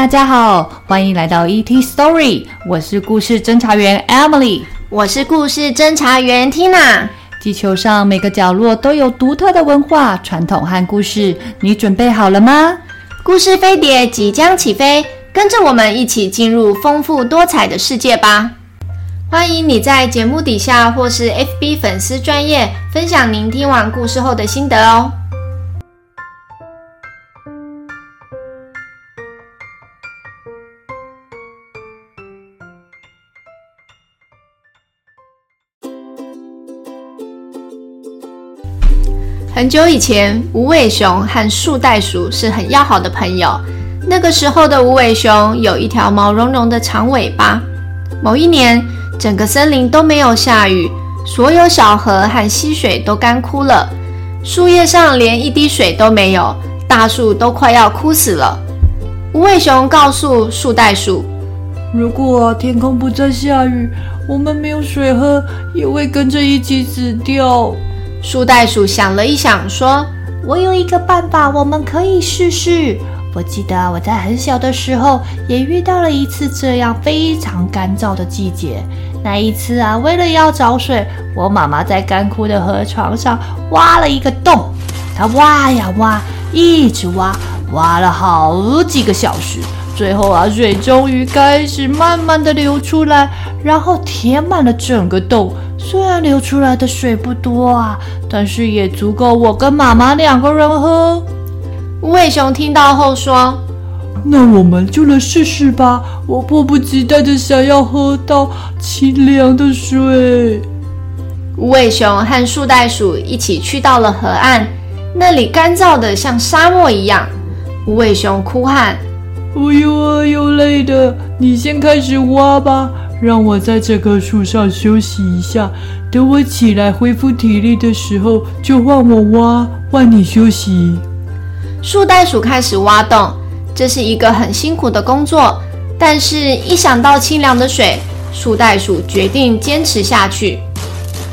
大家好，歡迎來到 ET Story，我是故事偵查員 Emily，我是故事偵查員 Tina。地球上每個角落都有獨特的文化、傳統和故事，你準備好了嗎？故事飛碟即將起飛，跟着我們一起進入豐富多彩的世界吧！歡迎你在節目底下或是 FB 粉絲專頁分享您聽完故事後的心得哦。很久以前，無尾熊和樹袋鼠是很要好的朋友。那個時候的無尾熊有一條毛茸茸的長尾巴。某一年，整個森林都沒有下雨，所有小河和溪水都乾枯了，樹葉上連一滴水都沒有，大樹都快要枯死了。無尾熊告訴樹袋鼠：“如果、啊、天空不再下雨，我們沒有水喝，也會跟着一起死掉。”樹袋鼠想了一想，說：“我有一個辦法，我們可以試試。我記得啊，我在很小的時候也遇到了一次這樣非常乾燥的季節。那一次啊，為了要找水，我媽媽在乾枯的河床上挖了一個洞。她挖呀挖，一直挖，挖了好幾個小時。最後啊，水終於開始慢慢地流出來，然後填滿了整個洞。”雖然流出來的水不多啊，但是也足夠我跟媽媽兩個人喝。無尾熊聽到後說：“那我們就來試試吧，我迫不及待的想要喝到清涼的水。”無尾熊和樹袋鼠一起去到了河岸，那裡乾燥的像沙漠一樣。無尾熊哭喊：“我又餓又累的，你先開始挖吧。”讓我在這棵樹上休息一下，等我起來恢復體力的時候，就換我挖，換你休息。樹袋鼠開始挖洞，這是一個很辛苦的工作，但是一想到清涼的水，樹袋鼠決定堅持下去。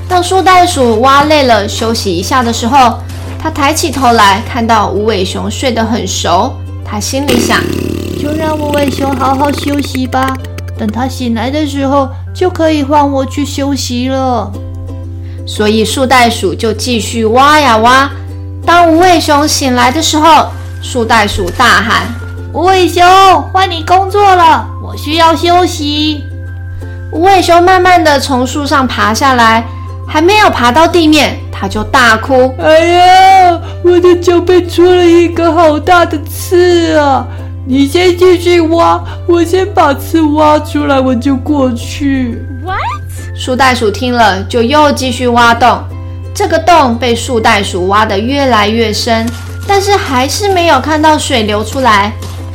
當樹袋鼠挖累了休息一下的時候，它抬起頭來看到無尾熊睡得很熟，它心裡想：就讓無尾熊好好休息吧。等他醒來的時候，就可以換我去休息了。所以樹袋鼠就繼續挖呀挖。當無尾熊醒來的時候，樹袋鼠大喊：“無尾熊，換你工作了，我需要休息。”無尾熊慢慢地從樹上爬下來，還沒有爬到地面，它就大哭：“哎呀，我的腳被戳了一個好大的刺啊！”你先繼續挖，我先把刺挖出來，我就過去。What? 樹袋鼠聽了，就又繼續挖洞。這個洞被樹袋鼠挖得越來越深，但是還是沒有看到水流出來。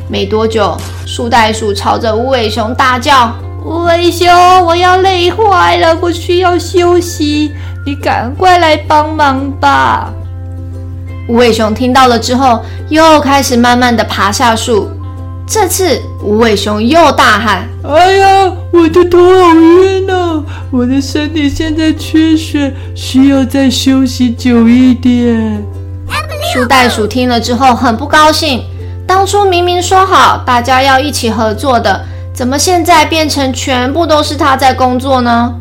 沒多久，樹袋鼠朝着無尾熊大叫：“無尾熊，我要累壞了，我需要休息，你趕快來幫忙吧！”無尾熊聽到了之後，又開始慢慢地爬下樹。這次無尾熊又大喊：“哎呀，我的頭好暈吶，啊，我的身體現在缺血，需要再休息久一點。”樹袋鼠聽了之後很不高興。當初明明說好大家要一起合作的，怎麼現在變成全部都是他在工作呢？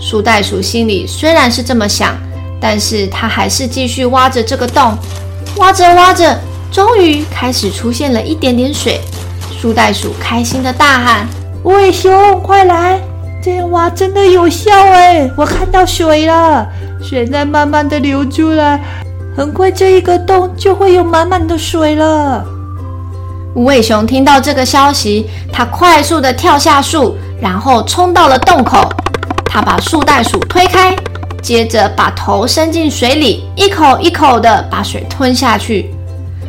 樹袋鼠心裡雖然是這麼想，但是他還是繼續挖着這個洞，挖着挖着，終於開始出現了一點點水。樹袋鼠開心的大喊：“無尾熊，快來！這樣挖真的有效誒。我看到水了，水在慢慢的流出來，很快這一個洞就會有滿滿的水了。”無尾熊聽到這個消息，他快速的跳下樹，然後衝到了洞口，他把樹袋鼠推開，接着把頭伸進水裡，一口一口的把水吞下去。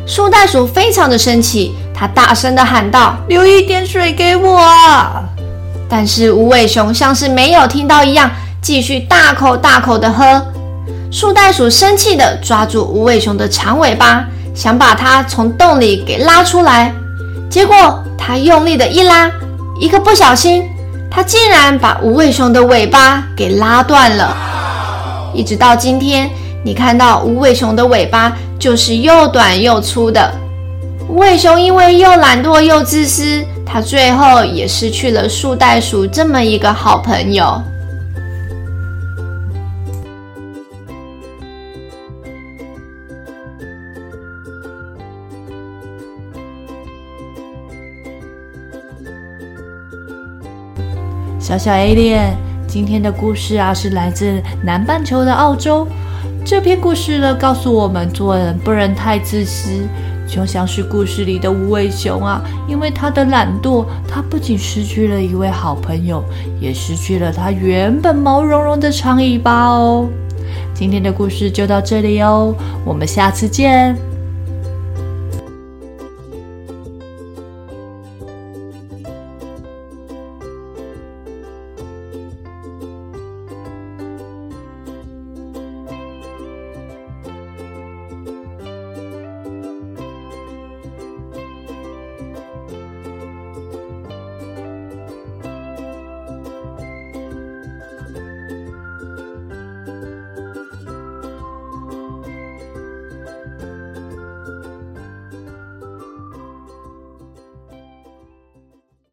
樹袋鼠非常的生氣。他大聲地喊道：“留一點水給我啊！”但是無尾熊像是沒有聽到一樣，繼續大口大口地喝。樹袋鼠生氣地抓住無尾熊的長尾巴，想把它從洞裡給拉出來。結果他用力地一拉，一個不小心，他竟然把無尾熊的尾巴給拉斷了。一直到今天，你看到無尾熊的尾巴就是又短又粗的。無尾熊因為又懶惰又自私，他最後也失去了樹袋鼠這麼一個好朋友。小小 A 戀，今天的故事啊，是來自南半球的澳洲。這篇故事呢，告訴我們做人不能太自私。就像是故事裡的無尾熊啊，因為他的懶惰，他不僅失去了一位好朋友，也失去了他原本毛茸茸的長尾巴哦。今天的故事就到這裡哦，我們下次見。